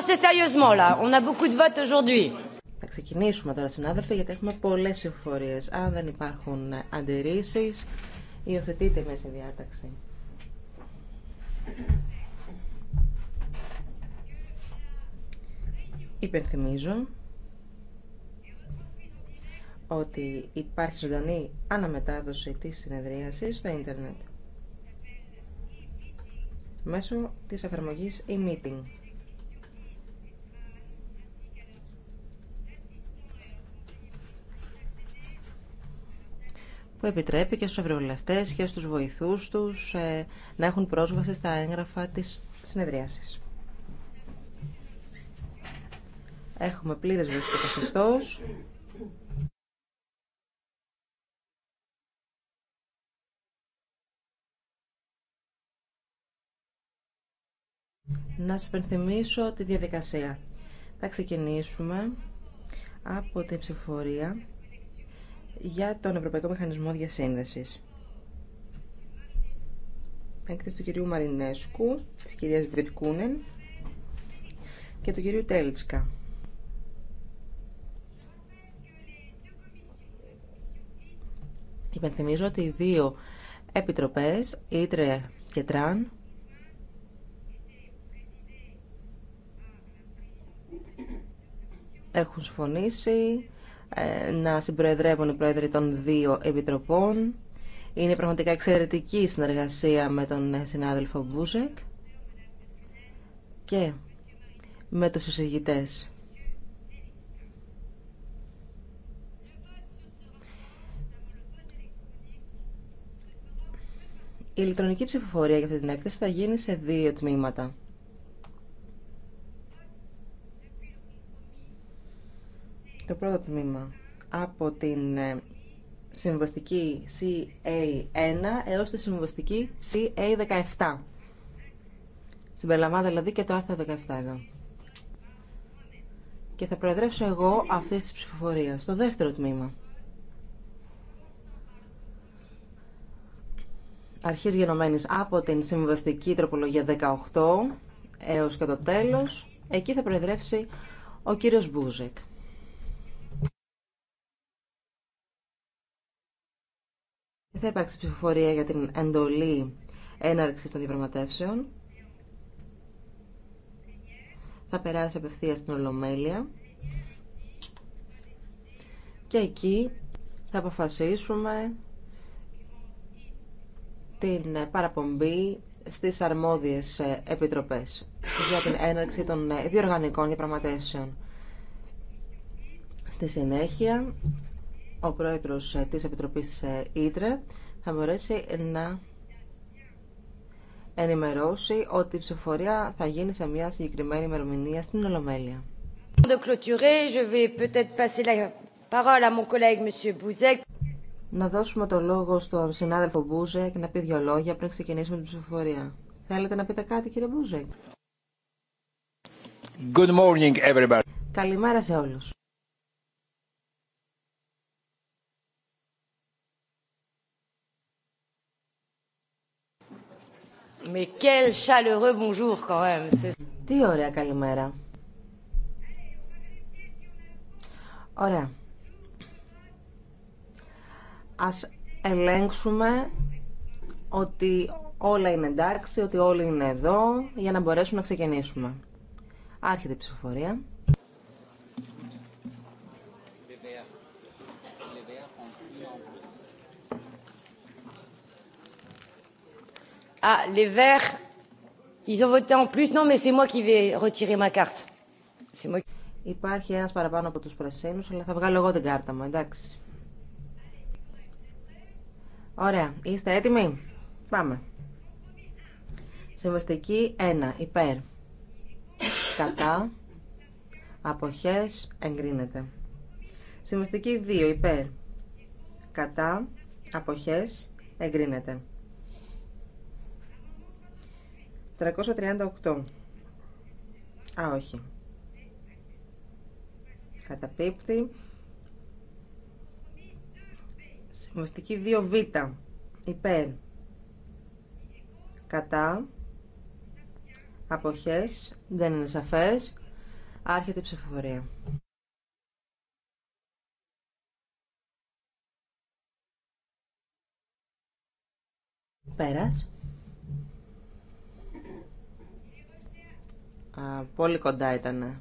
commencer sérieusement là. On a beaucoup de votes aujourd'hui. Θα ξεκινήσουμε τώρα, συνάδελφοι, γιατί έχουμε πολλές συμφορίε. Αν δεν υπάρχουν αντιρρήσει, υιοθετείτε μέσα στη διάταξη. Υπενθυμίζω ότι υπάρχει ζωντανή αναμετάδοση της συνεδρίασης στο ίντερνετ μέσω της εφαρμογής e-meeting. που επιτρέπει και στους ευρωβουλευτές και στους βοηθούς τους ε, να έχουν πρόσβαση στα έγγραφα της συνεδρίασης. Έχουμε πλήρες βοήθεια καθεστώς. Να σας υπενθυμίσω τη διαδικασία. Θα ξεκινήσουμε από την ψηφορία για τον Ευρωπαϊκό Μηχανισμό Διασύνδεσης. Έκθεση του κυρίου Μαρινέσκου, της κυρίας Βιρκούνεν και του κυρίου Τέλτσκα. Υπενθυμίζω ότι οι δύο επιτροπές, Ήτρε και Τραν, έχουν συμφωνήσει ε, να συμπροεδρεύουν οι πρόεδροι των δύο επιτροπών. Είναι πραγματικά εξαιρετική η συνεργασία με τον συνάδελφο Μπούζεκ και με τους συζητητές. Η ηλεκτρονική ψηφοφορία για αυτή την έκθεση θα γίνει σε δύο τμήματα. Το πρώτο τμήμα από την ε, συμβαστική CA1 έως τη συμβαστική CA17. Συμπεριλαμβάνεται δηλαδή και το άρθρο 17 εδώ. Και θα προεδρεύσω εγώ αυτή τη ψηφοφορία. Το δεύτερο τμήμα. Αρχής γενομένης από την συμβαστική τροπολογία 18 έως και το τέλος. Εκεί θα προεδρεύσει ο κύριος Μπούζεκ. Θα υπάρξει ψηφοφορία για την εντολή έναρξης των διαπραγματεύσεων. Θα περάσει απευθεία στην Ολομέλεια. Και εκεί θα αποφασίσουμε την παραπομπή στις αρμόδιες επιτροπές για την έναρξη των διοργανικών διαπραγματεύσεων. Στη συνέχεια ο πρόεδρος ε, της Επιτροπής ε, Ήτρε θα μπορέσει να ενημερώσει ότι η ψηφοφορία θα γίνει σε μια συγκεκριμένη ημερομηνία στην Ολομέλεια. Να δώσουμε το λόγο στον συνάδελφο Μπούζεκ να πει δύο λόγια πριν ξεκινήσουμε την ψηφοφορία. Θέλετε να πείτε κάτι κύριε Μπούζεκ. Καλημέρα σε όλους. Τι ωραία καλημέρα. Ωραία. Ας ελέγξουμε ότι όλα είναι εντάξει, ότι όλοι είναι εδώ για να μπορέσουμε να ξεκινήσουμε. Άρχεται η ψηφοφορία. Ah, les Verts, ils ont voté en plus. Non, mais c'est moi qui vais retirer ma carte. C'est moi. Υπάρχει ένας παραπάνω από τους πρασίνους, αλλά θα βγάλω εγώ την κάρτα μου, εντάξει. Ωραία, είστε έτοιμοι. Πάμε. Συμβαστική 1, υπέρ. Κατά. Αποχές, εγκρίνεται. Συμβαστική 2, υπέρ. Κατά. Αποχές, εγκρίνεται. 338. Α, όχι. Καταπίπτει. Συμβαστική 2β. Υπέρ. Κατά. Αποχές. Δεν είναι σαφές. Άρχεται η ψηφοφορία. Πέρας. πολύ κοντά ήταν.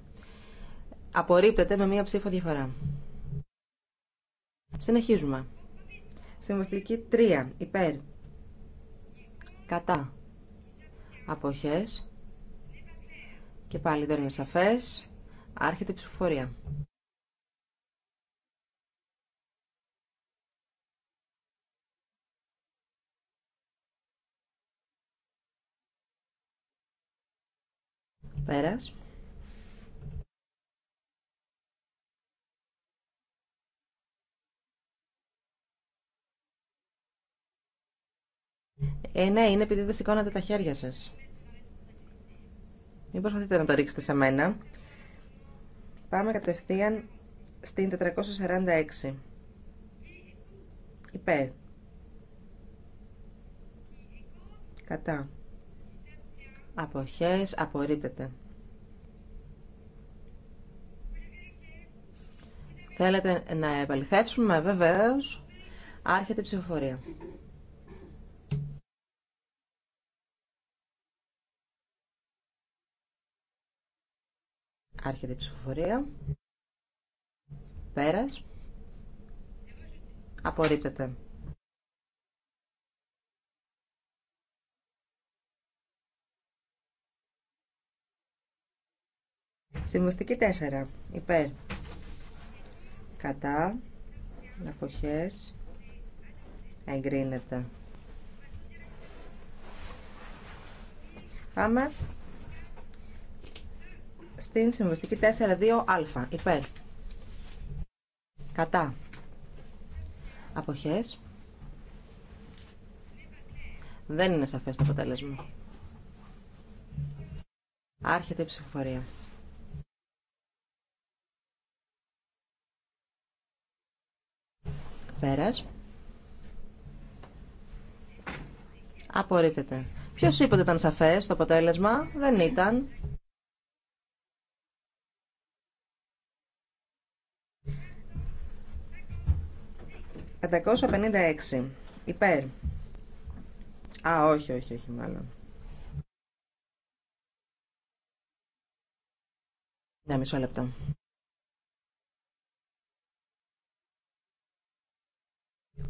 Απορρίπτεται με μία ψήφο διαφορά. Συνεχίζουμε. Συμβαστική 3. Υπέρ. Κατά. Αποχές. Και πάλι δεν είναι σαφές. Άρχεται η ψηφοφορία. καλησπέρα. Ε, ναι, είναι επειδή δεν σηκώνατε τα χέρια σας. Μην προσπαθείτε να το ρίξετε σε μένα. Πάμε κατευθείαν στην 446. Υπέρ. Κατά. Αποχές απορρίπτεται. Θέλετε να επαληθεύσουμε βεβαίως. Άρχεται η ψηφοφορία. Άρχεται η ψηφοφορία. Πέρας. Απορρίπτεται. Συμβαστική 4. Υπέρ. Κατά. Αποχές. Εγκρίνεται. Πάμε στην συμβαστική 4-2α. Υπέρ. Κατά. Αποχές. Δεν είναι σαφές το αποτέλεσμα. Άρχεται η ψηφοφορία. Πέρας. Απορρίπτεται. Ποιος είπε ότι ήταν σαφές το αποτέλεσμα. Δεν ήταν. «556. Υπέρ». Α, όχι, όχι, όχι, μάλλον. Ναι, μισό λεπτό.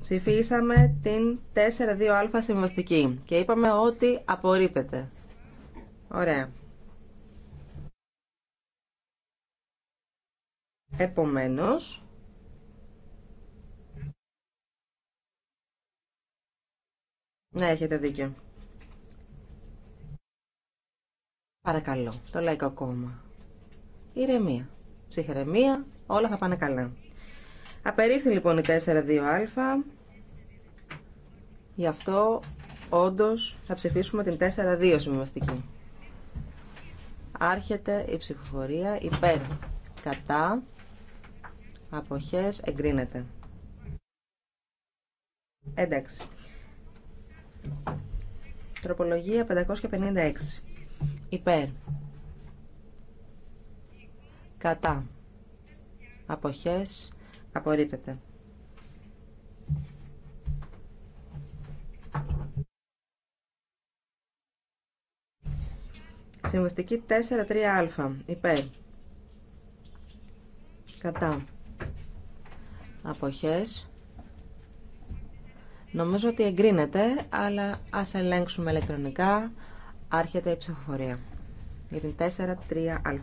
Ψηφίσαμε την 4-2α συμβαστική και είπαμε ότι απορρίπτεται. Ωραία. Επομένως, ναι, έχετε δίκιο. Παρακαλώ, το Λαϊκό Κόμμα. Ηρεμία. ψυχερεμία, όλα θα πάνε καλά. Απερίφθη λοιπόν η 4-2α. Γι' αυτό όντως θα ψηφίσουμε την 4-2 συμβιβαστική. Άρχεται η ψηφοφορία υπέρ. Κατά. Αποχές εγκρίνεται. Εντάξει. Τροπολογία 556. Υπέρ. Κατά. Αποχές Απορρίπτεται. Συμβαστική 4-3α. Υπέρ. Κατά. Αποχές. Νομίζω ότι εγκρίνεται, αλλά ας ελέγξουμε ηλεκτρονικά. Άρχεται η ψηφοφορία. 4-3α.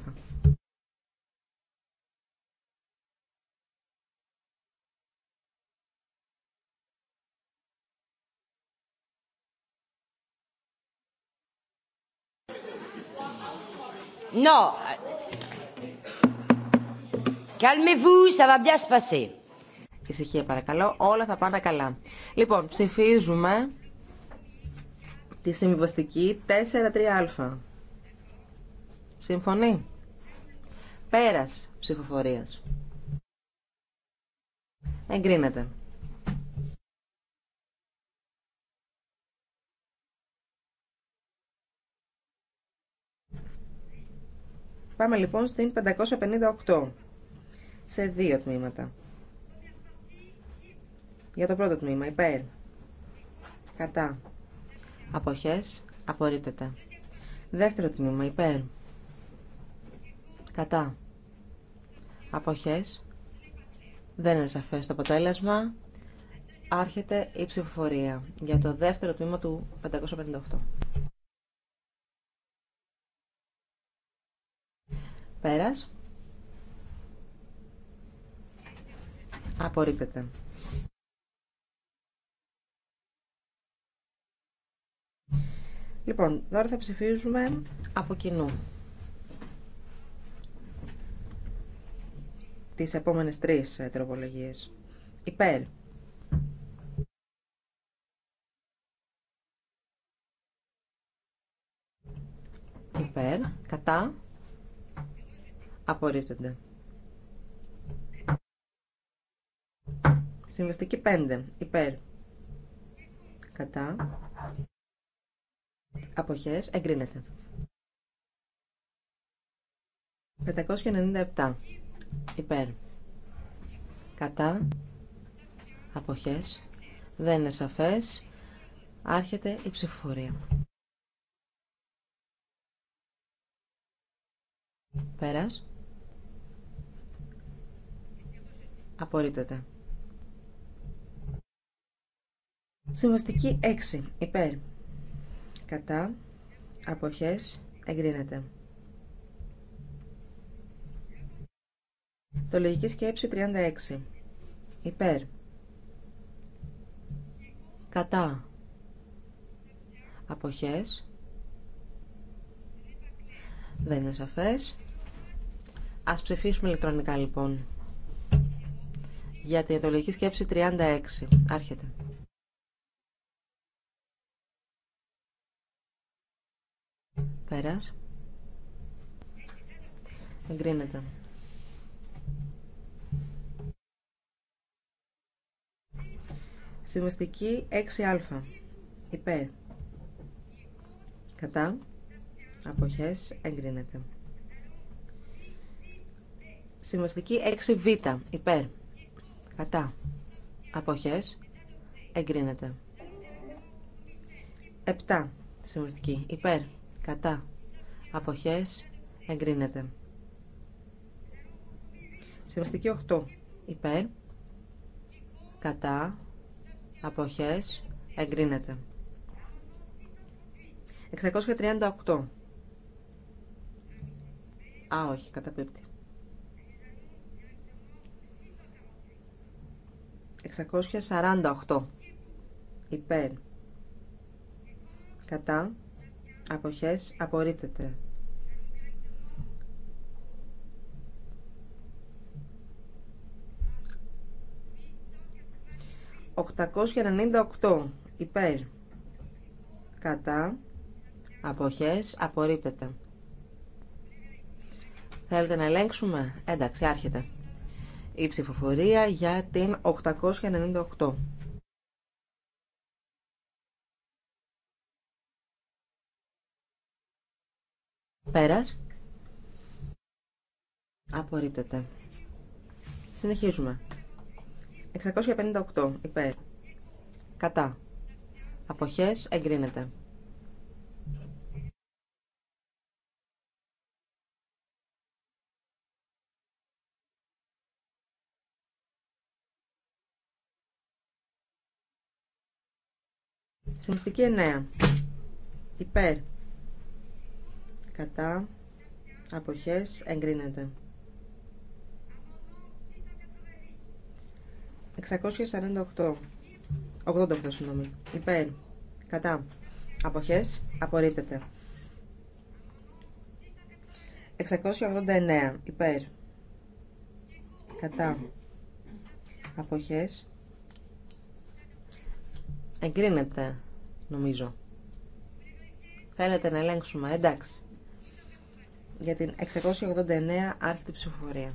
Non. Calmez-vous, ça va Ησυχία παρακαλώ, όλα θα πάνε καλά. Λοιπόν, ψηφίζουμε τη συμβιβαστική 4-3α. Συμφωνεί. Πέρας ψηφοφορία. Εγκρίνεται. Πάμε λοιπόν στην 558 σε δύο τμήματα. Για το πρώτο τμήμα, υπέρ. Κατά. Αποχές, απορρίπτεται. Δεύτερο τμήμα, υπέρ. Κατά. Αποχές. Δεν είναι σαφές το αποτέλεσμα. Άρχεται η ψηφοφορία για το δεύτερο τμήμα του 558. Πέρας. Απορρίπτεται. Λοιπόν, τώρα θα ψηφίζουμε από κοινού. Τις επόμενες τρεις ε, τροπολογίες. Υπέρ. Υπέρ. Κατά απορρίπτονται. Συμβαστική 5. Υπέρ. Κατά. Αποχές. Εγκρίνεται. 597. Υπέρ. Κατά. Αποχές. Δεν είναι σαφές. Άρχεται η ψηφοφορία. Πέρας. Απορρίπτεται. Συμβαστική 6. Υπέρ. Κατά. Αποχές. Εγκρίνεται. Το λογική σκέψη 36. Υπέρ. Κατά. Αποχές. Δεν είναι σαφές. Ας ψηφίσουμε ηλεκτρονικά λοιπόν για την αιτολογική σκέψη 36. Άρχεται. Πέρας. Εγκρίνεται. Συμβαστική 6α. Υπέρ. Κατά. Αποχές. Εγκρίνεται. Συμβαστική 6β. Υπέρ. Κατά. Αποχές. Εγκρίνεται. 7. Συμβαστική. Υπέρ. Κατά. Αποχές. Εγκρίνεται. Συμβαστική 8. Υπέρ. Κατά. Αποχές. Εγκρίνεται. 638. Α, όχι, καταπίπτει. 648 υπέρ κατά αποχές απορρίπτεται 898 υπέρ κατά αποχές απορρίπτεται Θέλετε να ελέγξουμε. Εντάξει, άρχεται η ψηφοφορία για την 898. Πέρας. Απορρίπτεται. Συνεχίζουμε. 658 υπέρ. Κατά. Αποχές εγκρίνεται. Συμβαστική 9. Υπέρ. Κατά. Αποχές. Εγκρίνεται. 648. 88 συγγνώμη. Υπέρ. Κατά. Αποχές. Απορρίπτεται. 689. Υπέρ. Κατά. Αποχές. Εγκρίνεται νομίζω. Θέλετε να ελέγξουμε, εντάξει. Για την 689 άρχιτη ψηφοφορία.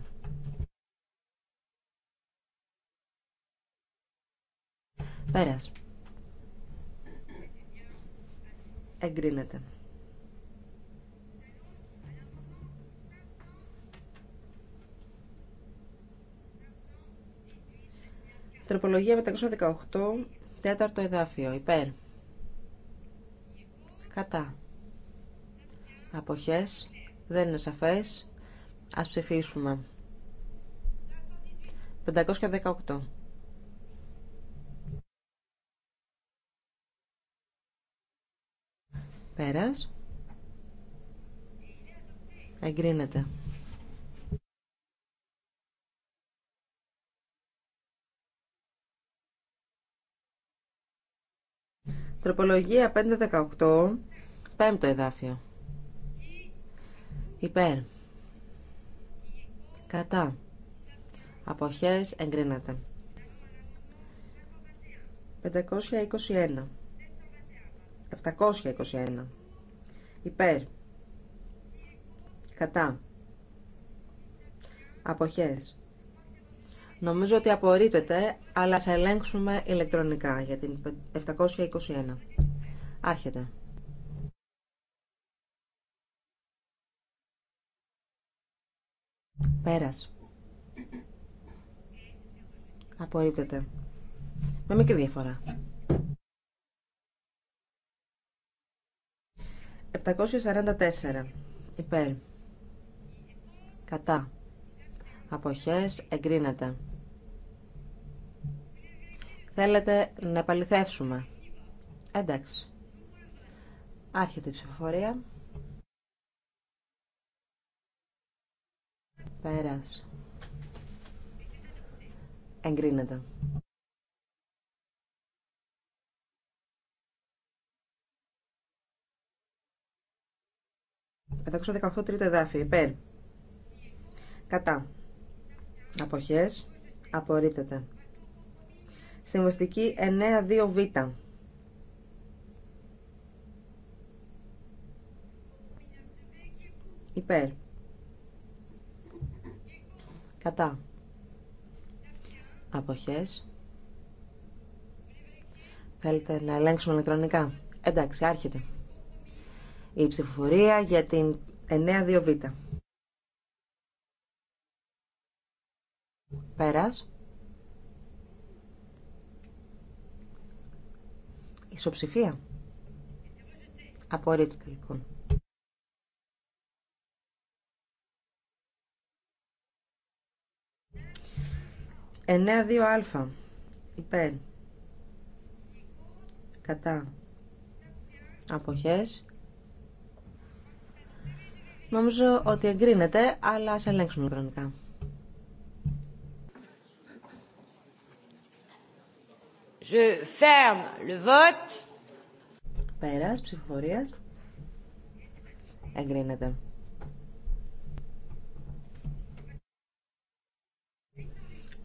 Πέρας. Εγκρίνεται. Τροπολογία 518, τέταρτο εδάφιο, υπέρ. Κατά. Αποχές. Δεν είναι σαφές. Ας ψηφίσουμε. 518. Πέρας. Εγκρίνεται. Τροπολογία 518, πέμπτο εδάφιο. Υπέρ. Κατά. Αποχές εγκρίνεται. 521. 721. Υπέρ. Κατά. Αποχές. Νομίζω ότι απορρίπτεται, αλλά σε ελέγξουμε ηλεκτρονικά για την 721. Άρχεται. Πέρας. Απορρίπτεται. Με μικρή διαφορά. 744. Υπέρ. Κατά. Αποχές εγκρίνεται. Θέλετε να επαληθεύσουμε. Εντάξει. Άρχεται η ψηφοφορία. Πέρας. Εγκρίνεται. 518, 18 τρίτο εδάφιο. Υπέρ. Κατά. Αποχές. Απορρίπτεται. Συμβαστική 9-2β. Υπέρ. Κατά. Αποχές. Θέλετε να ελέγξουμε ηλεκτρονικά. Εντάξει, άρχεται. Η ψηφοφορία για την 9-2β. Πέρας. Ισοψηφία. Απορρίπτεται λοιπόν. Εννέα δύο αλφα. Υπέρ. Κατά. Αποχές. Νομίζω ότι εγκρίνεται, αλλά ας ελέγξουμε χρονικά. Je ferme le vote. Πέρας ψηφοφορίας. Εγκρίνεται.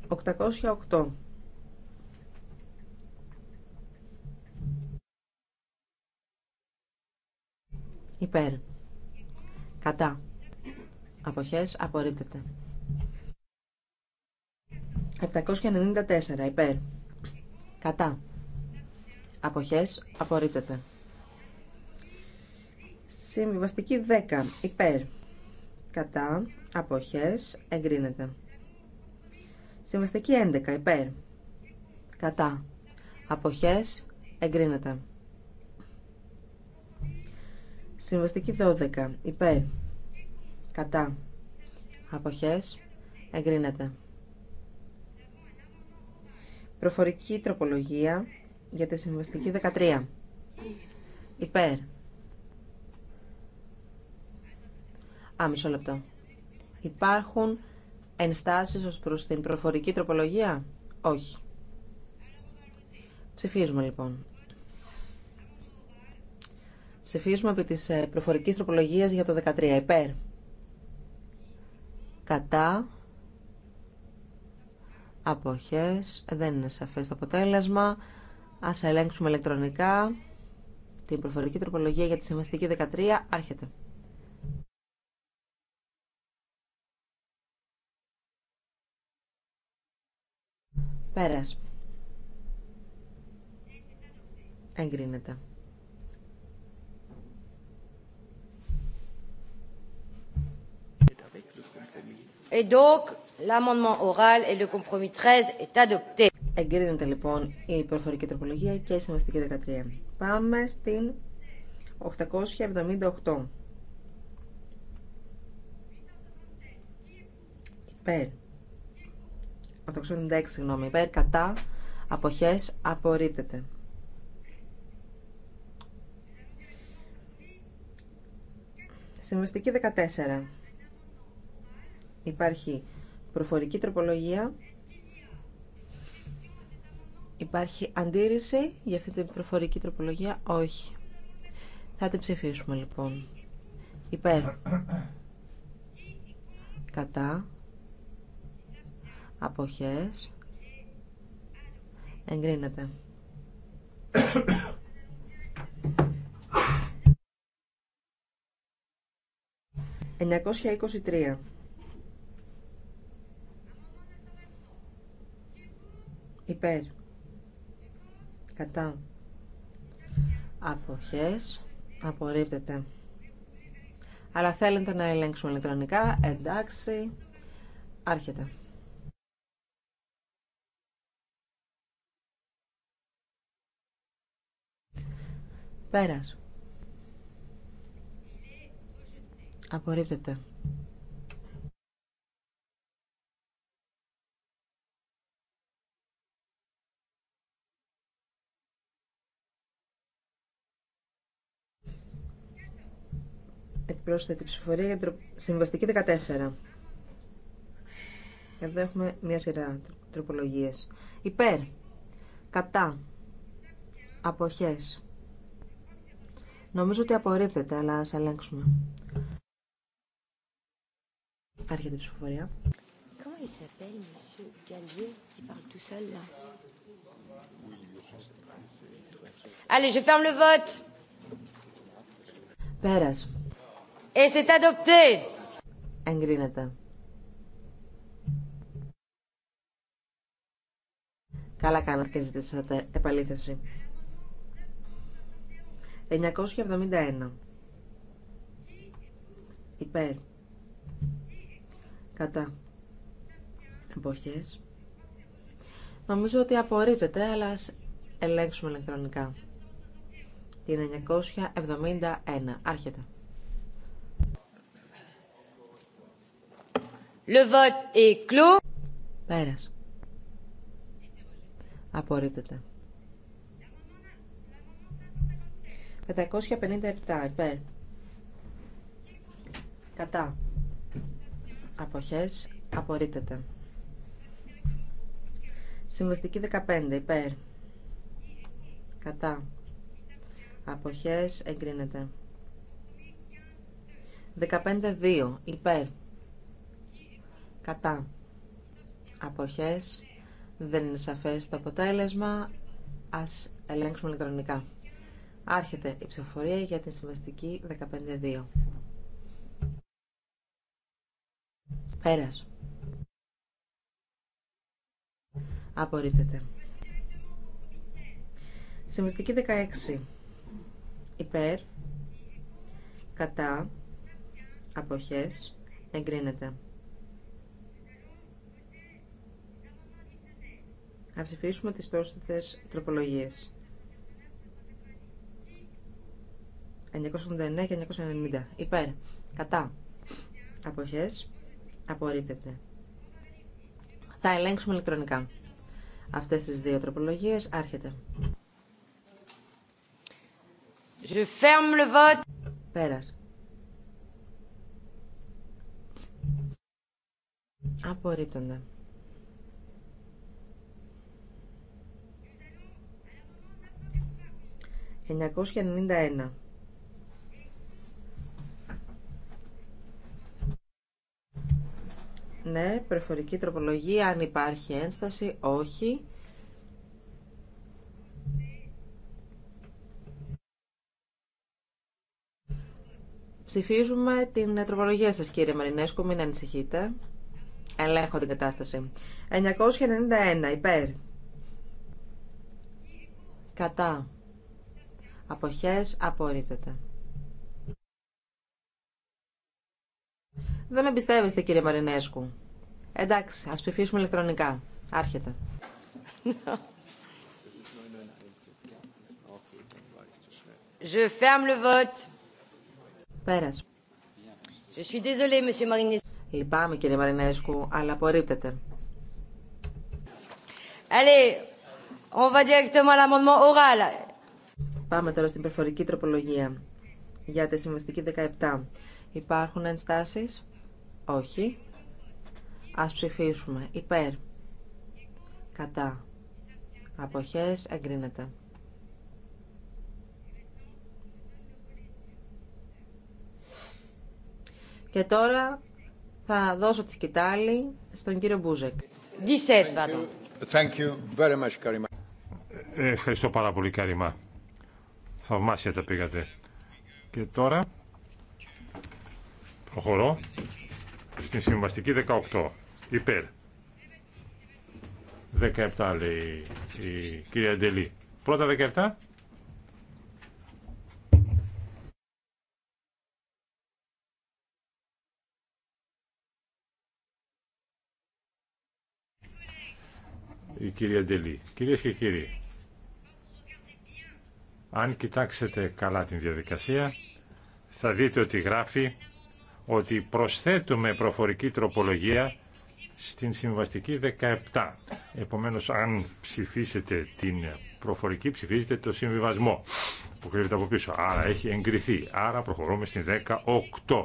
Οκτακόσια οκτώ. Υπέρ. Κατά. Αποχές απορρίπτεται. 794. Υπέρ. Κατά. Αποχές. Απορρίπτεται. Συμβιβαστική 10. Υπέρ. Κατά. Αποχές. Εγκρίνεται. Συμβαστική 11. Υπέρ. Κατά. Αποχές. Εγκρίνεται. Συμβαστική 12. Υπέρ. Κατά. Αποχές. Εγκρίνεται. Προφορική τροπολογία για τη συμβαστική 13. Υπέρ. Α, μισό λεπτό. Υπάρχουν ενστάσεις ως προς την προφορική τροπολογία. Όχι. Ψηφίζουμε λοιπόν. Ψηφίζουμε επί της ε, προφορικής τροπολογίας για το 13. Υπέρ. Κατά αποχές, δεν είναι σαφές το αποτέλεσμα. Ας ελέγξουμε ηλεκτρονικά την προφορική τροπολογία για τη συμβαστική 13. Άρχεται. Πέρας. Εγκρίνεται. Et donc, L'amendement oral et le compromis 13 est adopté. Εγκρίνεται λοιπόν η προφορική τροπολογία και η συμβαστική 13. Πάμε στην 878. Υπέρ. 876, συγγνώμη. Υπέρ, κατά, Αποχέ απορρίπτεται. Συμβαστική 14. Υπάρχει προφορική τροπολογία. Υπάρχει αντίρρηση για αυτή την προφορική τροπολογία. Όχι. Θα την ψηφίσουμε λοιπόν. Υπέρ. Κατά. Αποχές. Εγκρίνεται. ...923. υπέρ κατά αποχές απορρίπτεται αλλά θέλετε να ελέγξουμε ηλεκτρονικά εντάξει άρχεται πέρας απορρίπτεται Επιπρόσθετη ψηφοφορία για συμβαστική 14. Εδώ έχουμε μία σειρά τροπολογίες. Υπέρ. Κατά. Αποχές. Νομίζω ότι απορρίπτεται, αλλά ας ελέγξουμε. Άρχεται η ψηφοφορία. Allez, je ferme Πέρας. Et c'est adopté. Εγκρίνεται. Καλά κάνατε και ζητήσατε επαλήθευση. 971. Υπέρ. Κατά. Εποχές. Νομίζω ότι απορρίπτεται, αλλά ας ελέγξουμε ηλεκτρονικά. Την 971. Άρχεται. Le vote est clos. Πέρας. Απορρίπτεται. 557 υπέρ. Κατά. Αποχές. Απορρίπτεται. Συμβαστική 15 υπέρ. Κατά. Αποχές εγκρίνεται. 15-2 υπέρ κατά αποχές δεν είναι σαφές το αποτέλεσμα ας ελέγξουμε ηλεκτρονικά άρχεται η ψηφοφορία για την συμβαστική 15.2 πέρας απορρίπτεται συμβαστική 16 υπέρ κατά αποχές εγκρίνεται Να ψηφίσουμε τις πρόσθετες τροπολογίες. 989 και 990. Υπέρ. Κατά. Αποχές. Απορρίπτεται. Θα ελέγξουμε ηλεκτρονικά. Αυτές τις δύο τροπολογίες άρχεται. Je ferme le vote. Πέρας. Απορρίπτονται. 991. Ναι, προφορική τροπολογία, αν υπάρχει ένσταση, όχι. Ψηφίζουμε την τροπολογία σας, κύριε Μαρινέσκου, μην ανησυχείτε. Ελέγχω την κατάσταση. 991, υπέρ. Κατά. Αποχές απορρίπτεται. Δεν με εμπιστεύεστε κύριε Μαρινέσκου. Εντάξει, ας ψηφίσουμε ηλεκτρονικά. Άρχεται. Je Πέρας. Λυπάμαι κύριε Μαρινέσκου, αλλά απορρίπτεται. Allez, on va Πάμε τώρα στην προφορική τροπολογία για τη συμβαστική 17. Υπάρχουν ενστάσεις? Όχι. Ας ψηφίσουμε. Υπέρ. Κατά. Αποχές εγκρίνεται. Και τώρα θα δώσω τη σκητάλη στον κύριο Μπούζεκ. Ε, ευχαριστώ πάρα πολύ, Καριμά. Θαυμάσια τα πήγατε. Και τώρα προχωρώ στην συμβαστική 18. Υπέρ. 17 λέει η κυρία Αντελή. Πρώτα 17. Η κυρία Ντελή. Κυρίες και κύριοι, αν κοιτάξετε καλά την διαδικασία, θα δείτε ότι γράφει ότι προσθέτουμε προφορική τροπολογία στην συμβαστική 17. Επομένως, αν ψηφίσετε την προφορική, ψηφίζετε το συμβιβασμό που κρύβεται από πίσω. Άρα έχει εγκριθεί. Άρα προχωρούμε στην 18.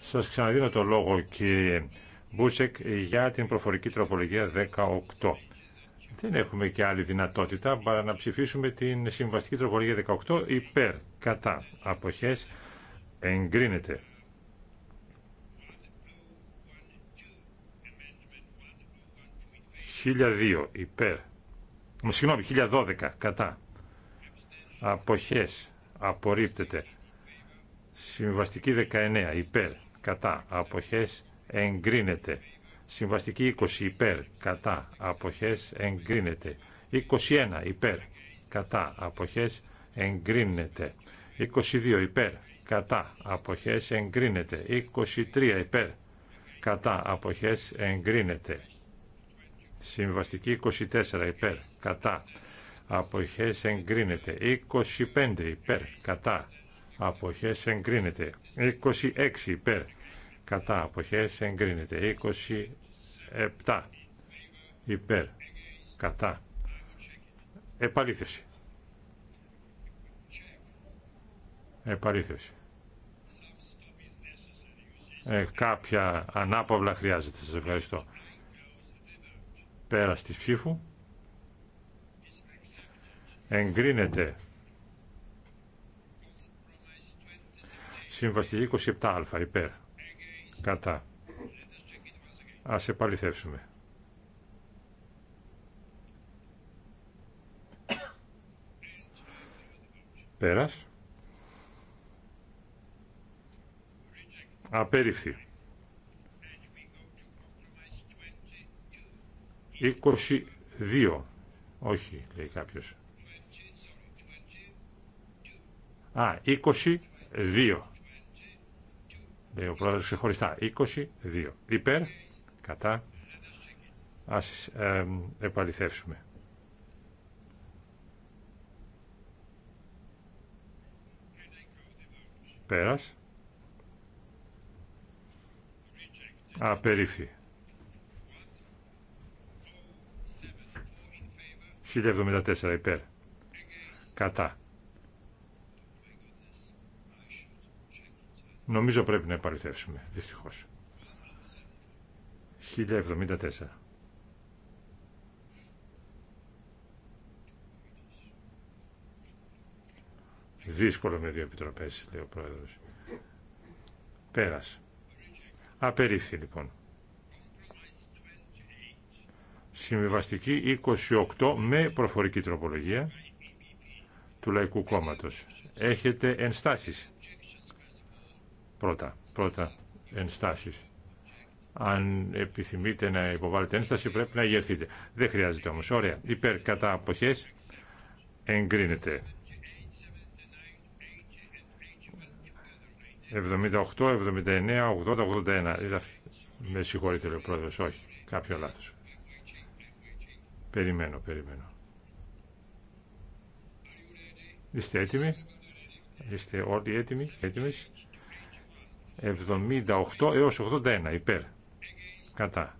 Σας ξαναδίνω το λόγο, κύριε Μπούσεκ, για την προφορική τροπολογία 18. Δεν έχουμε και άλλη δυνατότητα παρά να ψηφίσουμε την συμβαστική τροπολογία 18 υπέρ, κατά, αποχές, εγκρίνεται. «1002 υπέρ, συγγνώμη, 1012 κατά, αποχές, απορρίπτεται. Συμβαστική 19 υπέρ, κατά, αποχές, εγκρίνεται. Συμβαστική 20 υπέρ κατά αποχές εγκρίνεται. 21 υπέρ κατά αποχές εγκρίνεται. 22 υπέρ κατά αποχές εγκρίνεται. 23 υπέρ κατά αποχές εγκρίνεται. Συμβαστική 24 υπέρ κατά αποχές εγκρίνεται. 25 υπέρ κατά αποχές εγκρίνεται. 26 υπέρ κατά αποχές εγκρίνεται 27 υπέρ κατά επαλήθευση επαλήθευση ε, κάποια ανάπαυλα χρειάζεται σας ευχαριστώ πέρα της ψήφου εγκρίνεται συμβαστική 27α υπέρ Κατά. Ας επαληθεύσουμε. Πέρας. Απέριφθη. 22. Όχι, λέει κάποιος. Α, 22 λέει ο πρόεδρος ξεχωριστά. 22. Υπέρ, κατά, ας επαληθεύσουμε. Πέρας. Απερίφθη. 1074 υπέρ. Κατά. Νομίζω πρέπει να επαληθεύσουμε, δυστυχώς. 1074. Δύσκολο με δύο επιτροπές, λέει ο πρόεδρος. Πέρας. Απερίφθη λοιπόν. Συμβιβαστική 28 με προφορική τροπολογία του Λαϊκού Κόμματος. Έχετε ενστάσεις πρώτα, πρώτα ενστάσεις. Αν επιθυμείτε να υποβάλλετε ένσταση πρέπει να ηγερθείτε. Δεν χρειάζεται όμως. Ωραία. Υπέρ κατά αποχές εγκρίνεται. 78, 79, 80, 81. Με συγχωρείτε λέει ο πρόεδρος. Όχι. Κάποιο λάθος. Περιμένω, περιμένω. Είστε έτοιμοι. Είστε όλοι έτοιμοι έτοιμες. 78 έως 81 υπέρ κατά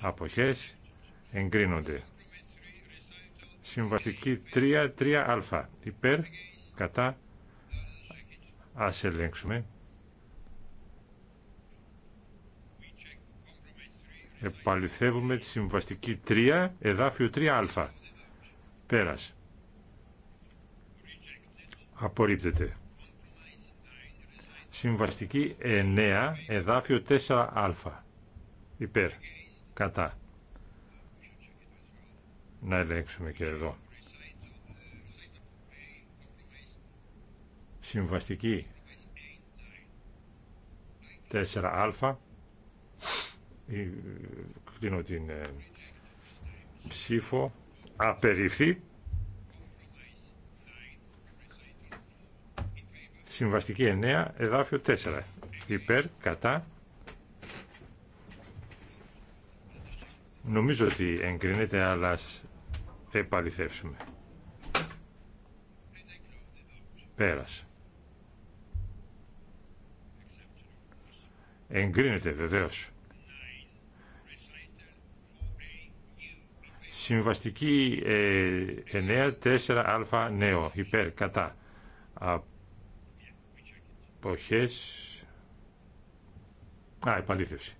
αποχές εγκρίνονται συμβαστική 3 3α υπέρ κατά ας ελέγξουμε επαληθεύουμε τη συμβαστική 3 εδάφιο 3α πέρας απορρίπτεται Συμβαστική 9, εδάφιο 4α. Υπέρ. Κατά. Να ελέγξουμε και εδώ. Συμβαστική 4α. Κλείνω την ε, ψήφο. Απεριφθεί. Συμβαστική 9, εδάφιο 4. Υπέρ, κατά. Νομίζω ότι εγκρίνεται, αλλά ας επαληθεύσουμε. Πέρας. Εγκρίνεται βεβαίως. Συμβαστική 9, ε, 4α νέο, υπέρ, κατά Αποχές. Α, επαλήθευση.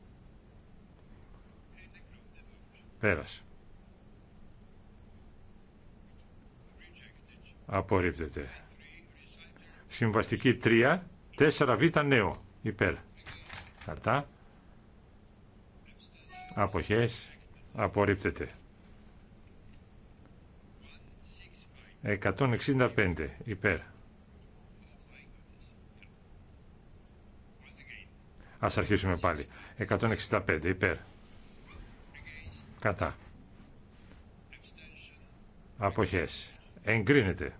Πέρασε. Απορρίπτεται. Συμβαστική 3, 4β νέο. Υπέρ. Κατά. Αποχές. Απορρίπτεται. 165. Υπέρ. Ας αρχίσουμε πάλι. 165 υπέρ. Κατά. Αποχές. Εγκρίνεται.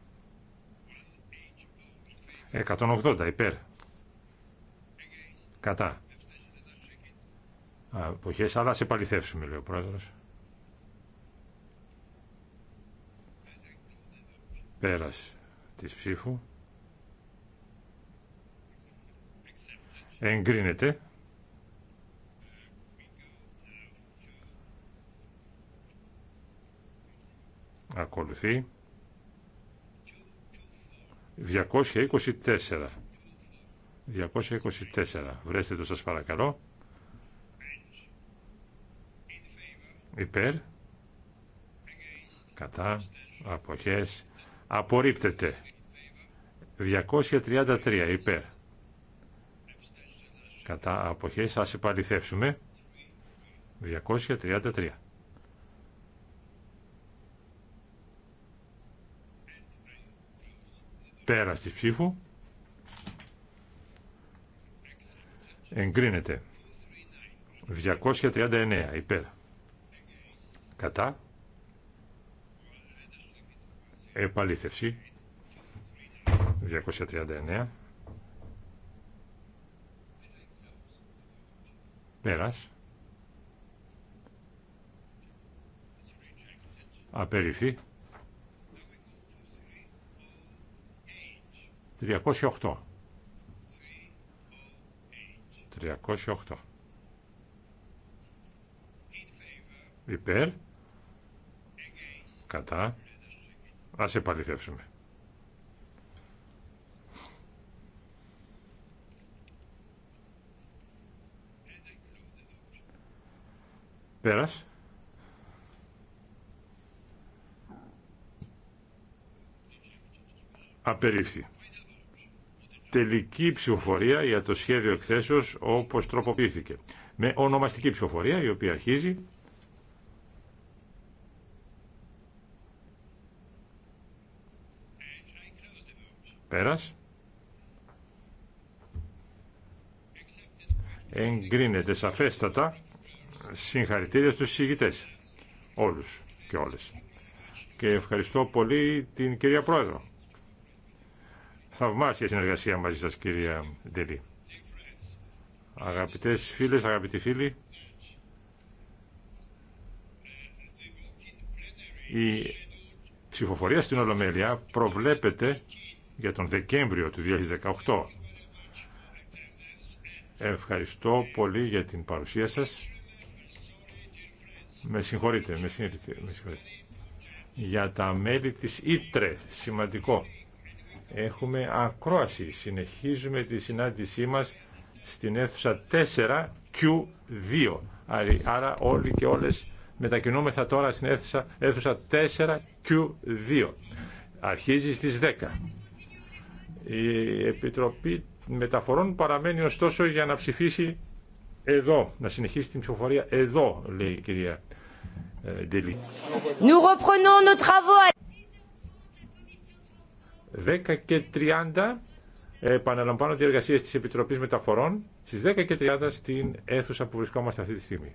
180 υπέρ. Κατά. Αποχές, αλλά σε παληθεύσουμε, λέει ο πρόεδρος. Πέρας της ψήφου. εγκρίνεται. Ακολουθεί. 224. 224. Βρέστε το σας παρακαλώ. Υπέρ. Κατά. Αποχές. Απορρίπτεται. 233 υπέρ κατά αποχές ας επαληθεύσουμε 233 πέρα στη ψήφου εγκρίνεται 239 υπέρ κατά επαλήθευση 239 Πέρας. Απεριφθεί. 308. 308. Υπέρ. Κατά. Ας επαληθεύσουμε. Πέρας. Απερίφθη. Τελική ψηφοφορία για το σχέδιο εκθέσεως όπως τροποποιήθηκε. Με ονομαστική ψηφοφορία η οποία αρχίζει. Πέρας. Εγκρίνεται σαφέστατα. Συγχαρητήρια στους συγητές, όλους και όλες. Και ευχαριστώ πολύ την κυρία Πρόεδρο. Θαυμάσια συνεργασία μαζί σας κυρία Ντελή. Αγαπητές φίλες, αγαπητοί φίλοι, η ψηφοφορία στην Ολομέλεια προβλέπεται για τον Δεκέμβριο του 2018. Ευχαριστώ πολύ για την παρουσία σας. Με συγχωρείτε, με συγχωρείτε, με συγχωρείτε. Για τα μέλη της Ήτρε, σημαντικό. Έχουμε ακρόαση. Συνεχίζουμε τη συνάντησή μας στην αίθουσα 4Q2. Άρα όλοι και όλες μετακινούμεθα τώρα στην αίθουσα, αίθουσα 4Q2. Αρχίζει στις 10. Η Επιτροπή Μεταφορών παραμένει ωστόσο για να ψηφίσει εδώ, να συνεχίσει την ψηφοφορία εδώ, λέει η κυρία ε, Ντελή. Nous reprenons nos travaux. 10 και 30 επαναλαμβάνω τις εργασίες της Επιτροπής Μεταφορών στις 10 και 30 στην αίθουσα που βρισκόμαστε αυτή τη στιγμή.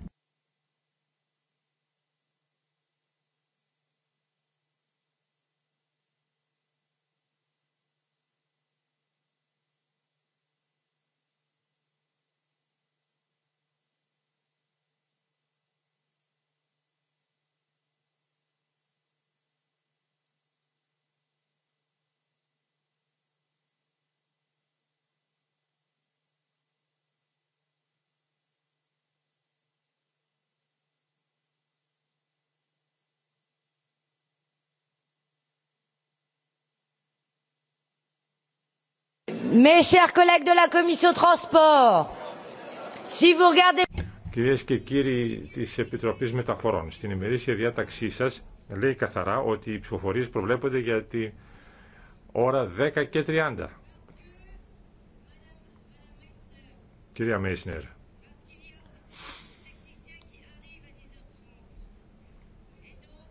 Mes Κυρίες και κύριοι της Επιτροπής Μεταφορών, στην ημερήσια διάταξή σας λέει καθαρά ότι οι ψηφοφορίες προβλέπονται για τη ώρα 10 και 30. Κυρία Μέισνερ.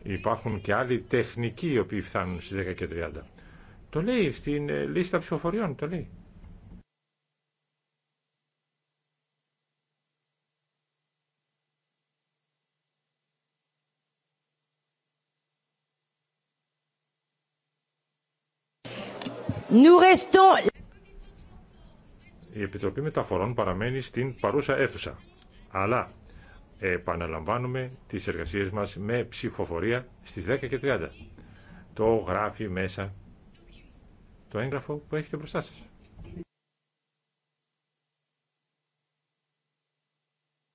Υπάρχουν και άλλοι τεχνικοί οι οποίοι φτάνουν στις 10 και 30. Το λέει στην ε, λίστα ψηφοφοριών, το λέει. Nous restons... Η Επιτροπή Μεταφορών παραμένει στην παρούσα αίθουσα. Αλλά επαναλαμβάνουμε τις εργασίες μας με ψηφοφορία στις 30. Το γράφει μέσα το έγγραφο που έχετε μπροστά σας.